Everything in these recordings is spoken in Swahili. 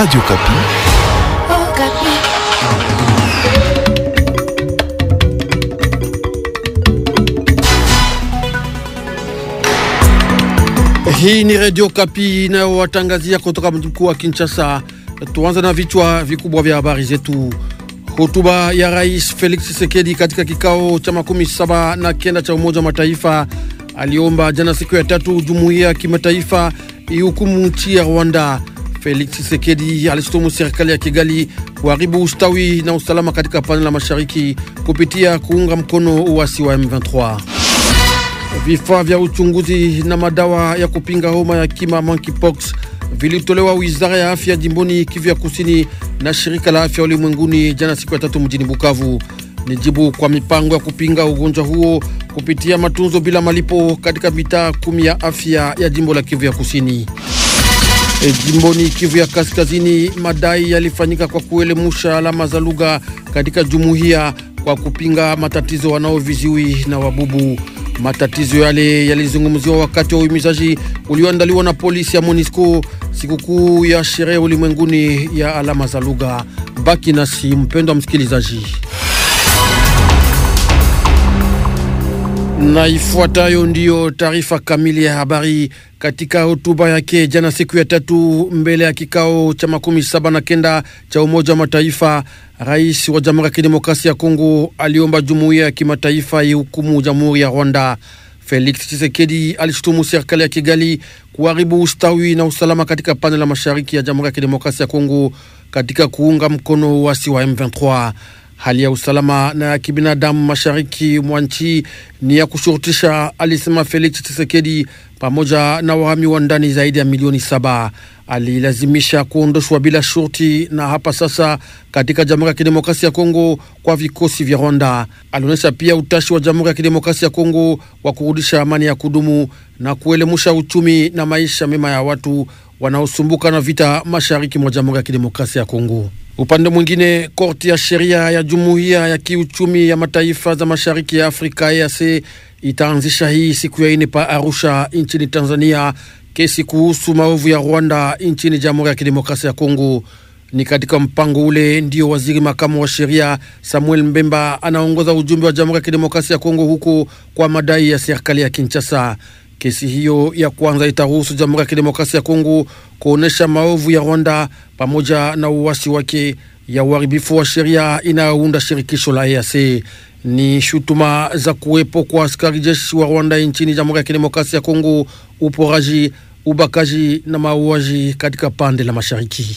Radio Kapi. Oh, Kapi. Hii ni Radio Kapi inayowatangazia kutoka mji mkuu wa Kinshasa. Tuanza na vichwa vikubwa vya habari zetu. Hotuba ya Rais Felix Tshisekedi katika kikao cha makumi saba na kenda cha Umoja wa Mataifa aliomba jana siku ya tatu jumuiya ya kimataifa ihukumu nchi ya Rwanda. Felix Tshisekedi alishutumu serikali ya Kigali kuharibu ustawi na usalama katika pande la mashariki kupitia kuunga mkono uasi wa M23. Vifaa vya uchunguzi na madawa ya kupinga homa ya kima monkeypox vilitolewa wizara ya afya jimboni Kivu ya kusini na shirika la afya ulimwenguni jana siku ya tatu mjini Bukavu. Ni jibu kwa mipango ya kupinga ugonjwa huo kupitia matunzo bila malipo katika mitaa kumi ya afya ya jimbo la Kivu ya kusini. E, jimboni Kivu ya Kaskazini, madai yalifanyika kwa kuelemusha alama za lugha katika jumuiya kwa kupinga matatizo wanaoviziwi na wabubu. Matatizo yale yalizungumziwa wakati wa uhimizaji ulioandaliwa na polisi ya MONUSCO sikukuu ya sherehe ulimwenguni ya alama za lugha. Baki nasi mpendwa msikilizaji. Na ifuatayo ndiyo taarifa kamili ya habari. Katika hotuba yake jana siku ya tatu mbele ya kikao cha makumi saba na kenda cha Umoja wa Mataifa, rais wa Jamhuri ya Kidemokrasia ya Kongo aliomba jumuiya ya kimataifa ihukumu Jamhuri ya Rwanda. Felix Tshisekedi alishutumu serikali ya Kigali kuharibu ustawi na usalama katika pande la mashariki ya Jamhuri ya Kidemokrasia ya Kongo katika kuunga mkono uasi wa M23. Hali ya usalama na ya kibinadamu mashariki mwa nchi ni ya kushurutisha, alisema Felix chisekedi pamoja na wahami wa ndani zaidi ya milioni saba alilazimisha kuondoshwa bila shurti na hapa sasa katika Jamhuri ya Kidemokrasia ya Kongo kwa vikosi vya Rwanda. Alionyesha pia utashi wa Jamhuri ya Kidemokrasia ya Kongo wa kurudisha amani ya kudumu na kuelemusha uchumi na maisha mema ya watu wanaosumbuka na vita mashariki mwa Jamhuri ya Kidemokrasia ya Kongo. Upande mwingine, korti ya sheria ya jumuiya ya kiuchumi ya mataifa za mashariki ya Afrika EAC itaanzisha hii siku ya ine pa Arusha nchini Tanzania kesi kuhusu maovu ya Rwanda nchini Jamhuri ya Kidemokrasia ya Kongo. Ni katika mpango ule ndio waziri makamu wa sheria Samuel Mbemba anaongoza ujumbe wa Jamhuri ya Kidemokrasia ya Kongo huko kwa madai ya serikali ya Kinshasa. Kesi hiyo ya kwanza itaruhusu Jamhuri ya Kidemokrasia ya Kongo kuonyesha maovu ya Rwanda pamoja na uwasi wake ya uharibifu wa sheria inayounda shirikisho la EAC. Ni shutuma za kuwepo kwa askari jeshi wa Rwanda nchini Jamhuri ya Kidemokrasia ya Kongo, uporaji, ubakaji na mauaji katika pande la mashariki.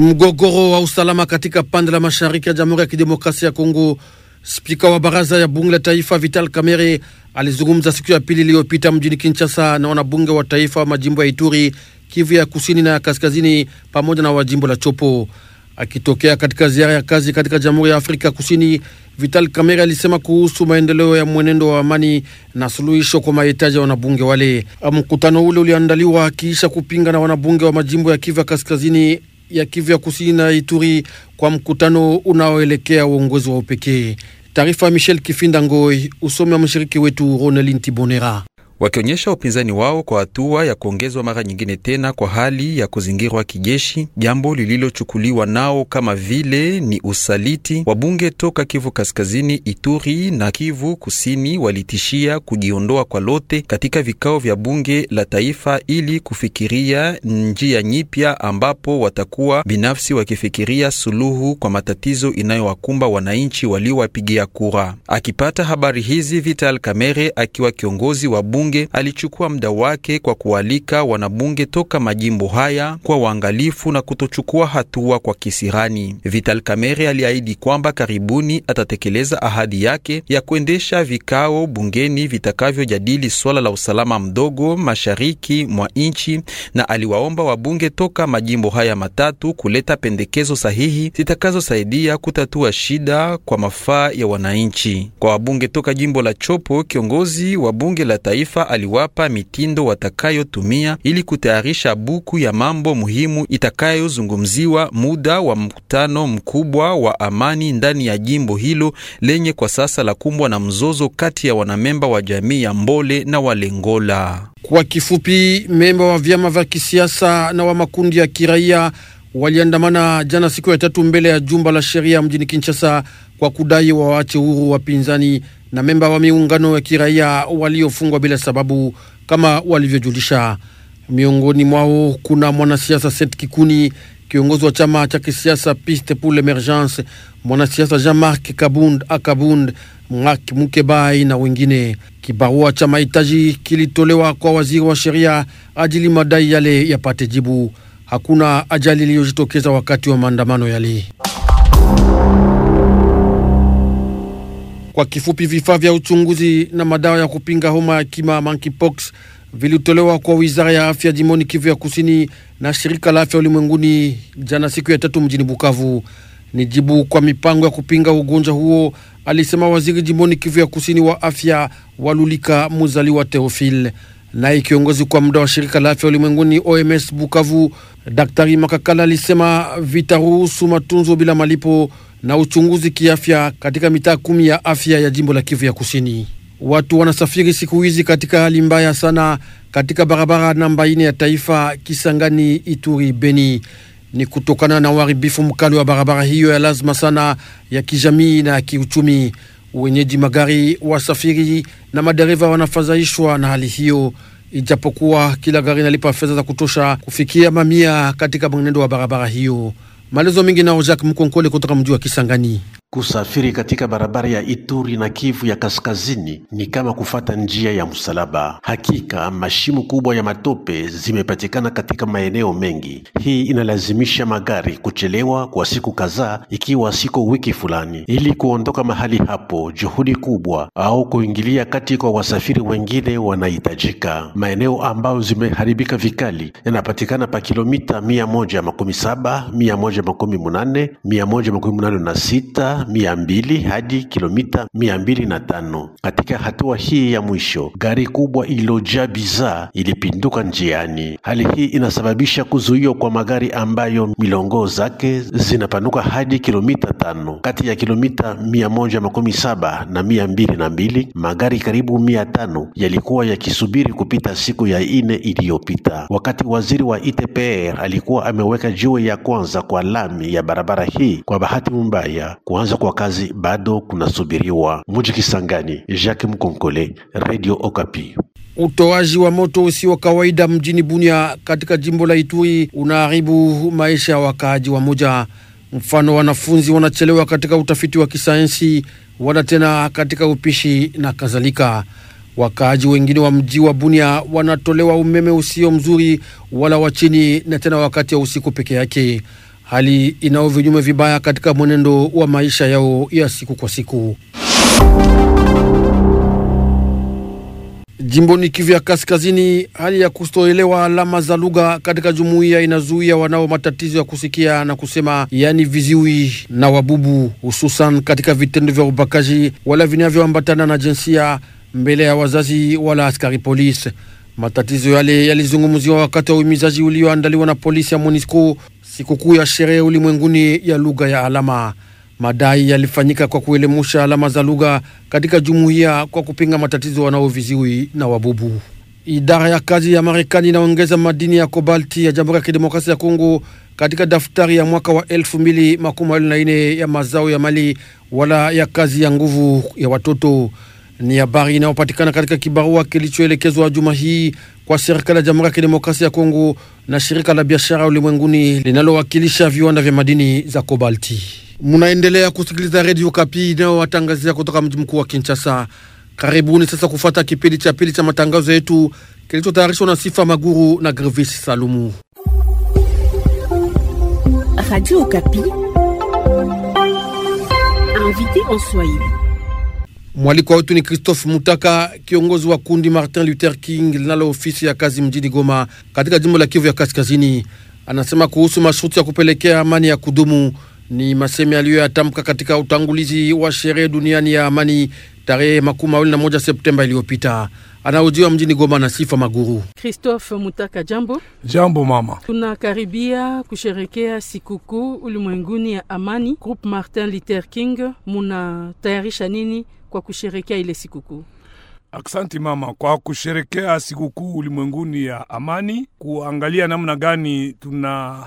Mgogoro wa usalama katika pande la mashariki ya Jamhuri ya Kidemokrasia ya Kongo Spika wa baraza ya bunge la taifa Vital Kamerhe alizungumza siku ya pili iliyopita mjini Kinshasa na wanabunge wa taifa wa majimbo ya Ituri, Kivu ya kusini na ya kaskazini pamoja na wajimbo la Chopo. Akitokea katika ziara ya kazi katika Jamhuri ya Afrika Kusini, Vital Kamerhe alisema kuhusu maendeleo ya mwenendo wa amani na suluhisho kwa mahitaji ya wanabunge wale. Mkutano ule uliandaliwa akiisha kupinga na wanabunge wa majimbo ya Kivu ya kaskazini ya Kivu ya Kusini na Ituri kwa mkutano unaoelekea uongozi wa upekee. Taarifa ya Michel Kifinda Ngoi, usomi wa mshiriki wetu Ronelin Tibonera wakionyesha upinzani wao kwa hatua ya kuongezwa mara nyingine tena kwa hali ya kuzingirwa kijeshi, jambo lililochukuliwa nao kama vile ni usaliti. Wabunge toka Kivu Kaskazini, Ituri na Kivu Kusini walitishia kujiondoa kwa lote katika vikao vya bunge la taifa ili kufikiria njia nyipya ambapo watakuwa binafsi wakifikiria suluhu kwa matatizo inayowakumba wananchi waliowapigia kura. Akipata habari hizi, Vital Kamere akiwa kiongozi wa bunge bunge alichukua muda wake kwa kualika wanabunge toka majimbo haya kwa uangalifu na kutochukua hatua kwa kisirani. Vital Kamerhe aliahidi kwamba karibuni atatekeleza ahadi yake ya kuendesha vikao bungeni vitakavyojadili swala la usalama mdogo mashariki mwa nchi, na aliwaomba wabunge toka majimbo haya matatu kuleta pendekezo sahihi zitakazosaidia kutatua shida kwa mafaa ya wananchi. Kwa wabunge toka jimbo la Chopo, kiongozi wa bunge la taifa Mataifa aliwapa mitindo watakayotumia ili kutayarisha buku ya mambo muhimu itakayozungumziwa muda wa mkutano mkubwa wa amani ndani ya jimbo hilo lenye kwa sasa la kumbwa na mzozo kati ya wanamemba wa jamii ya Mbole na Walengola. Kwa kifupi, memba wa vyama vya kisiasa na wa makundi ya kiraia waliandamana jana siku ya tatu mbele ya jumba la sheria mjini Kinshasa kwa kudai wawaache huru wapinzani na memba wa miungano ya kiraia waliofungwa bila sababu kama walivyojulisha. Miongoni mwao kuna mwanasiasa Seth Kikuni, kiongozi wa chama cha kisiasa Piste pour l'Emergence, mwanasiasa Jean-Marc Kabund Akabund, Mark Mukebai na wengine. Kibarua cha mahitaji kilitolewa kwa waziri wa sheria ajili madai yale yapate jibu. Hakuna ajali iliyojitokeza wakati wa maandamano yale. Kwa kifupi, vifaa vya uchunguzi na madawa ya kupinga homa ya kima monkeypox vilitolewa kwa wizara ya afya jimoni Kivu ya Kusini na shirika la afya ulimwenguni jana siku ya tatu mjini Bukavu. Ni jibu kwa mipango ya kupinga ugonjwa huo, alisema waziri jimoni Kivu ya Kusini wa afya Walulika Muzaliwa teofil Naye kiongozi kwa muda wa shirika la afya ulimwenguni OMS Bukavu, Daktari Makakala alisema vitaruhusu matunzo bila malipo na uchunguzi kiafya katika mitaa kumi ya afya ya jimbo la Kivu ya Kusini. Watu wanasafiri siku hizi katika hali mbaya sana katika barabara namba ine ya taifa Kisangani Ituri Beni. Ni kutokana na uharibifu mkali wa barabara hiyo ya lazima sana ya kijamii na ya kiuchumi. Wenyeji magari, wasafiri na madereva wanafadhaishwa na hali hiyo, ijapokuwa kila gari inalipa fedha za kutosha kufikia mamia katika mwenendo wa barabara hiyo. Maelezo mengi nao Jacques Mkonkole kutoka mji wa Kisangani. Kusafiri katika barabara ya Ituri na Kivu ya kaskazini ni kama kufata njia ya msalaba. Hakika mashimo kubwa ya matope zimepatikana katika maeneo mengi. Hii inalazimisha magari kuchelewa kwa siku kadhaa, ikiwa siko wiki fulani. Ili kuondoka mahali hapo, juhudi kubwa au kuingilia kati kwa wasafiri wengine wanahitajika. Maeneo ambayo zimeharibika vikali yanapatikana pa kilomita mia moja makumi saba mia moja makumi munane mia moja makumi munane na sita mia mbili hadi kilomita mia mbili na tano. Katika hatua hii ya mwisho, gari kubwa iliyojaa bidhaa ilipinduka njiani. Hali hii inasababisha kuzuiwa kwa magari ambayo milongo zake zinapanuka hadi kilomita tano. Kati ya kilomita mia moja makumi saba na mia mbili na mbili, magari karibu mia tano yalikuwa yakisubiri kupita siku ya ine iliyopita, wakati waziri wa ITPR alikuwa ameweka jiwe ya kwanza kwa lami ya barabara hii. Kwa bahati mbaya kuanza Kuanza kwa kazi bado kunasubiriwa. Muji Kisangani, Jacques Mkonkole, Radio Okapi. Utoaji wa moto usio kawaida mjini Bunia katika jimbo la Ituri unaharibu maisha ya wakaaji wa moja. Mfano, wanafunzi wanachelewa katika utafiti wa kisayansi, wana tena katika upishi na kadhalika. Wakaaji wengine wa mji wa Bunia wanatolewa umeme usio mzuri wala wa chini na tena wakati ya usiku peke yake hali vinyume vibaya katika mwenendo wa maisha yao ya siku kwa siku. Jimboni Kivu ya Kaskazini, hali ya kutoelewa alama za lugha katika jumuiya inazuia wanao matatizo ya kusikia na kusema, yaani viziwi na wabubu, hususan katika vitendo vya ubakaji wala vinavyoambatana na jinsia mbele ya wazazi wala askari polisi. Matatizo yale yalizungumziwa wakati wa uhimizaji ulioandaliwa na polisi ya MONUSCO sikukuu ya sherehe ulimwenguni ya lugha ya alama. Madai yalifanyika kwa kuelemusha alama za lugha katika jumuiya kwa kupinga matatizo wanaoviziwi na wabubu. Idara ya kazi ya Marekani inaongeza madini ya kobalti ya Jamhuri ya Kidemokrasia ya Kongo katika daftari ya mwaka wa 2024 ya mazao ya mali wala ya kazi ya nguvu ya watoto. Ni habari inayopatikana katika kibarua kilichoelekezwa juma hii kwa serikali ya Jamhuri ya Kidemokrasia ya Kongo na shirika la biashara ulimwenguni linalowakilisha viwanda vya madini za kobalti. Munaendelea kusikiliza redio Kapi inayowatangazia kutoka mji mkuu wa Kinshasa. Karibuni sasa kufata kipindi cha pili cha matangazo yetu kilichotayarishwa na Sifa Maguru na Grevis Salumu. Radio Kapi. Invité en Swahili. Mwaliko wetu ni Christophe Mutaka, kiongozi wa kundi Martin Luther King linalo ofisi ya kazi mjini Goma katika jimbo la Kivu ya Kaskazini. Anasema kuhusu masharti ya kupelekea amani ya kudumu ni masemi aliyoyatamka katika utangulizi wa sherehe duniani ya amani tarehe makumi mawili na moja Septemba iliyopita. Anaojiwa mjini Goma na Sifa Maguru. Christophe Mutaka, jambo. Jambo mama. Tunakaribia kusherekea sikukuu ulimwenguni ya amani. Group Martin Luther King, tayarisha nini kwa kusherekea ile sikukuu? Aksanti mama, kwa kusherekea sikukuu ulimwenguni ya amani, kuangalia namna gani tuna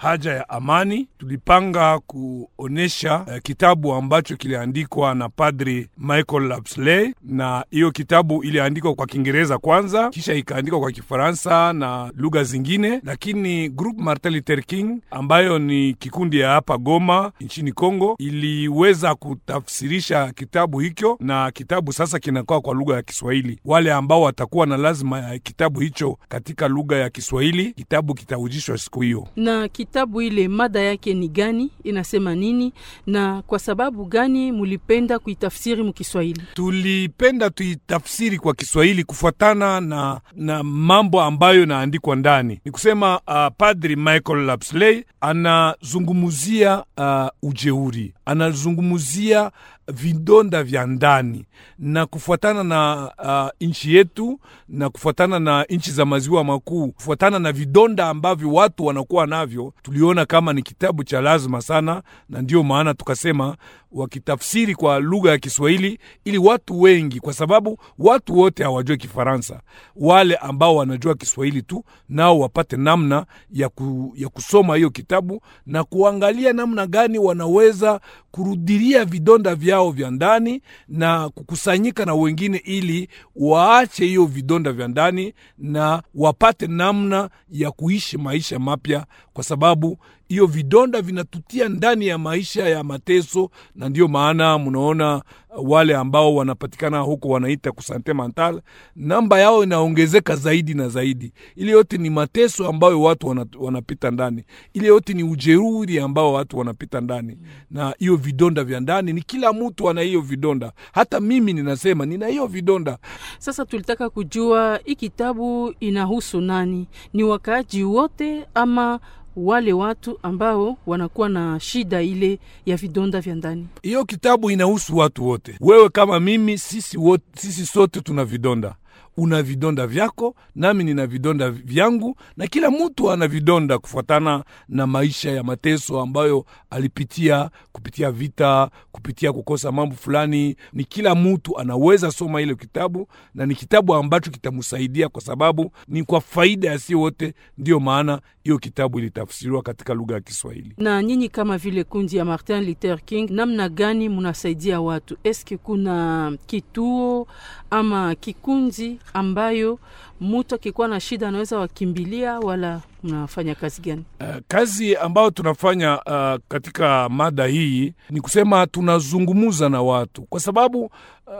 haja ya amani. Tulipanga kuonyesha uh, eh, kitabu ambacho kiliandikwa na Padri Michael Lapsley, na hiyo kitabu iliandikwa kwa Kiingereza kwanza, kisha ikaandikwa kwa Kifaransa na lugha zingine, lakini Group Martin Luther King ambayo ni kikundi ya hapa Goma nchini Kongo iliweza kutafsirisha kitabu hicho, na kitabu sasa kinakuwa kwa lugha ya Kiswahili. Wale ambao watakuwa na lazima ya kitabu hicho katika lugha ya Kiswahili, kitabu kitaujishwa siku hiyo na kitabu ile mada yake ni gani, inasema nini, na kwa sababu gani mulipenda kuitafsiri mukiswahili? Tulipenda tuitafsiri kwa Kiswahili kufuatana na, na mambo ambayo naandikwa ndani. Ni kusema uh, Padri Michael Lapsley anazungumzia uh, ujeuri, anazungumzia vidonda vya ndani na kufuatana na uh, nchi yetu na kufuatana na nchi za maziwa makuu, kufuatana na vidonda ambavyo watu wanakuwa navyo, tuliona kama ni kitabu cha lazima sana, na ndiyo maana tukasema wakitafsiri kwa lugha ya Kiswahili ili watu wengi, kwa sababu watu wote hawajue Kifaransa. Wale ambao wanajua Kiswahili tu nao wapate namna ya, ku, ya kusoma hiyo kitabu na kuangalia namna gani wanaweza kurudilia vidonda vya vyao vya ndani na kukusanyika na wengine ili waache hiyo vidonda vya ndani na wapate namna ya kuishi maisha mapya, kwa sababu hiyo vidonda vinatutia ndani ya maisha ya mateso, na ndiyo maana mnaona wale ambao wanapatikana huko wanaita kusante mental, namba yao inaongezeka zaidi na zaidi. Ile yote ni mateso ambayo watu wanapita ndani, ile yote ni ujeruri ambao watu wanapita ndani, na hiyo vidonda vya ndani ni kila mtu ana hiyo vidonda. Hata mimi ninasema nina hiyo vidonda. Sasa tulitaka kujua hii kitabu inahusu nani, ni wakaaji wote ama wale watu ambao wanakuwa na shida ile ya vidonda vya ndani. Hiyo kitabu inahusu watu wote, wewe kama mimi, sisi wote, sisi sote tuna vidonda una vidonda vyako, nami nina vidonda vyangu, na kila mtu ana vidonda kufuatana na maisha ya mateso ambayo alipitia kupitia vita, kupitia kukosa mambo fulani. Ni kila mtu anaweza soma ile kitabu, na ni kitabu ambacho kitamsaidia kwa sababu ni kwa faida ya si wote. Ndiyo maana hiyo kitabu ilitafsiriwa katika lugha ya Kiswahili. Na nyinyi kama vile kundi ya Martin Luther King, namna gani mnasaidia watu? Eske kuna kituo ama kikundi ambayo mutu akikuwa na shida anaweza wakimbilia wala mnafanya kazi gani? Uh, kazi ambayo tunafanya uh, katika mada hii ni kusema tunazungumuza na watu kwa sababu uh,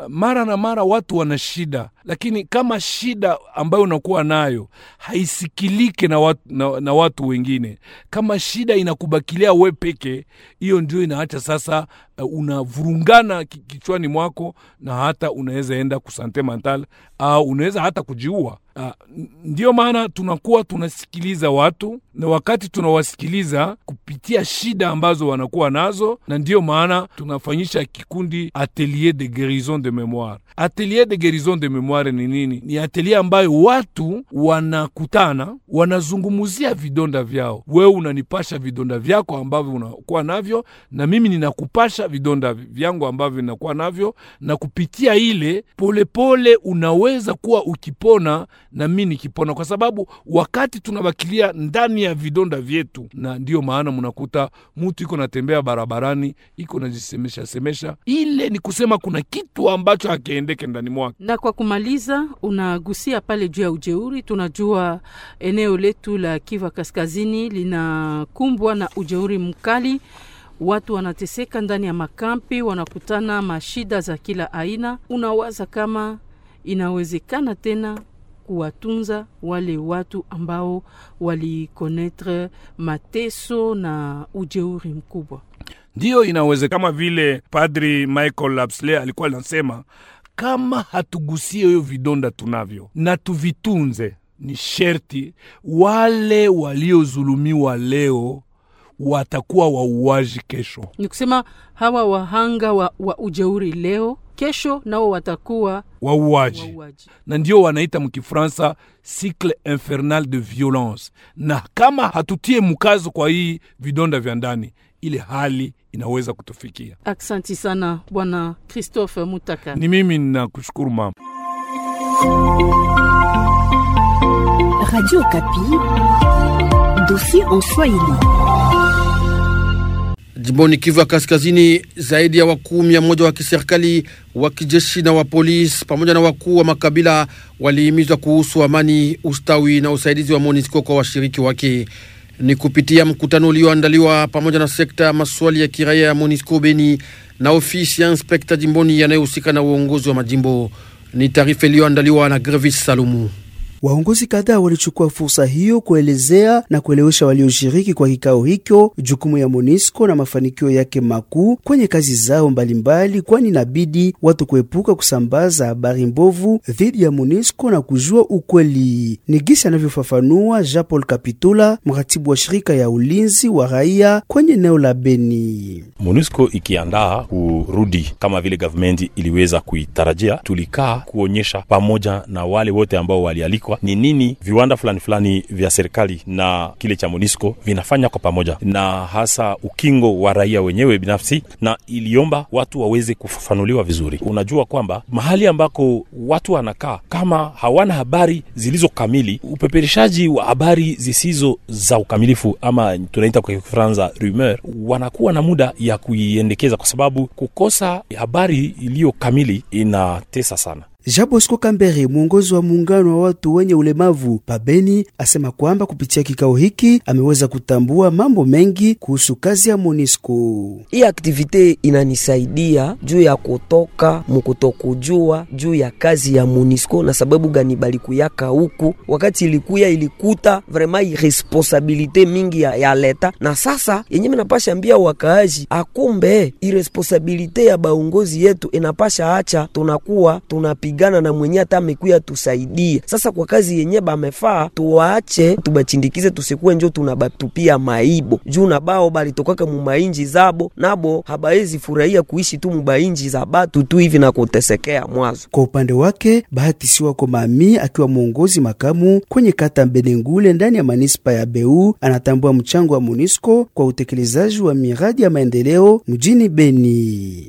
mara na mara watu wana shida, lakini kama shida ambayo unakuwa nayo haisikilike na watu, na, na watu wengine, kama shida inakubakilia we peke, hiyo ndio inaacha sasa uh, unavurungana kichwani mwako na hata unaweza enda kusante mental au uh, unaweza hata kujiua Uh, ah, ndiyo maana tunakuwa tunasikiliza watu na wakati tunawasikiliza kupitia shida ambazo wanakuwa nazo, na ndiyo maana tunafanyisha kikundi atelier de guerison de memoire. Atelier de guerison de memoire ni nini? Ni atelier ambayo watu wanakutana, wanazungumuzia vidonda vyao. Wewe unanipasha vidonda vyako ambavyo unakuwa navyo, na mimi ninakupasha vidonda vyangu ambavyo ninakuwa navyo, na kupitia ile polepole pole unaweza kuwa ukipona na mi nikipona, kwa sababu wakati tunabakilia ndani ya vidonda vyetu, na ndiyo maana mnakuta mtu iko natembea barabarani iko najisemesha semesha, ile ni kusema kuna kitu ambacho hakiendeke ndani mwake. Na kwa kumaliza, unagusia pale juu ya ujeuri. Tunajua eneo letu la Kiva Kaskazini linakumbwa na ujeuri mkali watu wanateseka ndani ya makampi, wanakutana mashida za kila aina. Unawaza kama inawezekana tena kuwatunza wale watu ambao walikonetre mateso na ujeuri mkubwa. Ndiyo inaweze kama vile Padri Michael Lapsley alikuwa anasema, kama hatugusie hiyo vidonda tunavyo na tuvitunze, ni sherti wale waliozulumiwa leo watakuwa wauaji kesho. Ni kusema hawa wahanga wa, wa ujeuri leo kesho nao watakuwa wauaji, wauaji. Na ndio wanaita mkifransa cycle infernal de violence, na kama hatutie mkazo kwa hii vidonda vya ndani, ile hali inaweza kutufikia. Aksanti sana Bwana Christophe Mutaka. Ni mimi ninakushukuru mama. Radio Kapi, dossier en Swahili. Jimboni Kivu ya Kaskazini, zaidi ya wakuu mia moja wa kiserikali wa kijeshi na wa polisi pamoja na wakuu wa makabila walihimizwa kuhusu amani, ustawi na usaidizi wa MONUSCO kwa washiriki wake. Ni kupitia mkutano ulioandaliwa pamoja na sekta ya maswali ya kiraia ya MONUSCO Beni na ofisi ya inspekta jimboni yanayohusika na uongozi wa majimbo. Ni taarifa iliyoandaliwa na Grevis Salumu. Waongozi kadhaa walichukua fursa hiyo kuelezea na kuelewesha walioshiriki kwa kikao hicho jukumu ya MONUSCO na mafanikio yake makuu kwenye kazi zao mbalimbali, kwani inabidi watu kuepuka kusambaza habari mbovu dhidi ya MONUSCO na kujua ukweli. Ni gisi anavyofafanua Jean Paul Kapitula, mratibu wa shirika ya ulinzi wa raia kwenye eneo la Beni. MONUSCO ikiandaa kurudi kama vile gavumenti iliweza kuitarajia, tulikaa kuonyesha pamoja na wale wote ambao walialikwa kuandikwa ni nini viwanda fulani fulani vya serikali na kile cha monisco vinafanya kwa pamoja, na hasa ukingo wa raia wenyewe binafsi, na iliomba watu waweze kufafanuliwa vizuri. Unajua kwamba mahali ambako watu wanakaa kama hawana habari zilizo kamili, upepereshaji wa habari zisizo za ukamilifu ama tunaita kwa Kifaransa rumeur, wanakuwa na muda ya kuiendekeza, kwa sababu kukosa habari iliyo kamili inatesa sana jabosco Kambere, mwongozi wa muungano wa watu wenye ulemavu pabeni, asema kwamba kupitia kikao hiki ameweza kutambua mambo mengi kuhusu kazi ya Monisco. Hii aktivite inanisaidia juu ya kutoka mukutokujua juu ya kazi ya Monisco na sababu gani balikuyaka huku wakati ilikuya ilikuta vraiment iresponsabilite mingi ya, ya leta na sasa yenye minapasha ambia wakaaji akumbe iresponsabilite ya baongozi yetu inapasha acha tunakuwa tunapiga kupigana na mwenye hata amekuya tusaidia. Sasa kwa kazi yenye bamefaa tuwaache, tubachindikize, tusikuwe njo tunabatupia maibo juu na bao balitokaka mumainji zabo, nabo habaezi furahia kuishi tu mubainji za batu tu hivi na kutesekea mwazo. Kwa upande wake Bahati Siwako Mami akiwa mwongozi makamu kwenye kata Benengule ndani ya manispa ya Beu anatambua mchango wa monisco kwa utekelezaji wa miradi ya maendeleo mjini Beni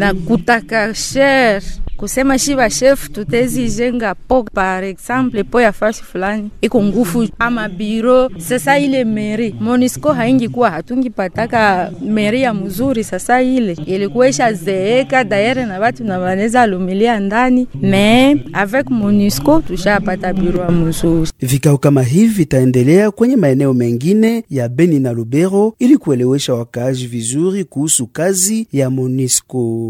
na mm. kutaka sher kusema shiva chef tutezi jenga po par exemple po ya fasi fulani iko ngufu ama biro sasa, ile meri Monisco haingi kuwa hatungi pataka meri ya mzuri. Sasa ile ilikuwa isha zeeka dayere na watu na waneza lumilia ndani me avec Monisco tushapata biro ya mzuri. Vikao kama hivi vitaendelea kwenye maeneo mengine ya Beni na Lubero ili kuelewesha wakaaji vizuri kuhusu kazi ya Monisco.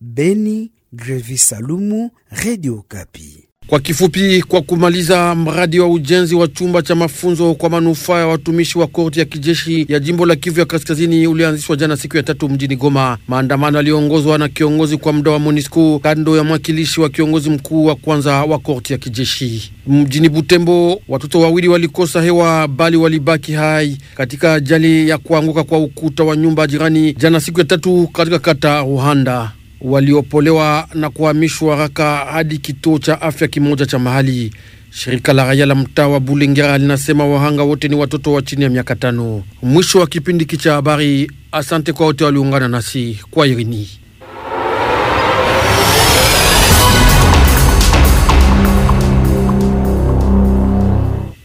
Beni, Grevi Salumu, Radio Kapi. Kwa kifupi, kwa kumaliza, mradi wa ujenzi wa chumba cha mafunzo kwa manufaa ya watumishi wa korti ya kijeshi ya jimbo la Kivu ya Kaskazini ulianzishwa jana siku ya tatu mjini Goma. Maandamano yaliyoongozwa na kiongozi kwa muda wa MONUSCO kando ya mwakilishi wa kiongozi mkuu wa kwanza wa korti ya kijeshi mjini Butembo. Watoto wawili walikosa hewa bali walibaki hai katika ajali ya kuanguka kwa ukuta wa nyumba jirani jana siku ya tatu katika kata Ruhanda waliopolewa na kuhamishwa haraka hadi kituo cha afya kimoja cha mahali. Shirika la raia la mtaa wa Bulengera linasema wahanga wote ni watoto wa chini ya miaka tano. Mwisho wa kipindi hiki cha habari. Asante kwa wote waliungana nasi kwa irini.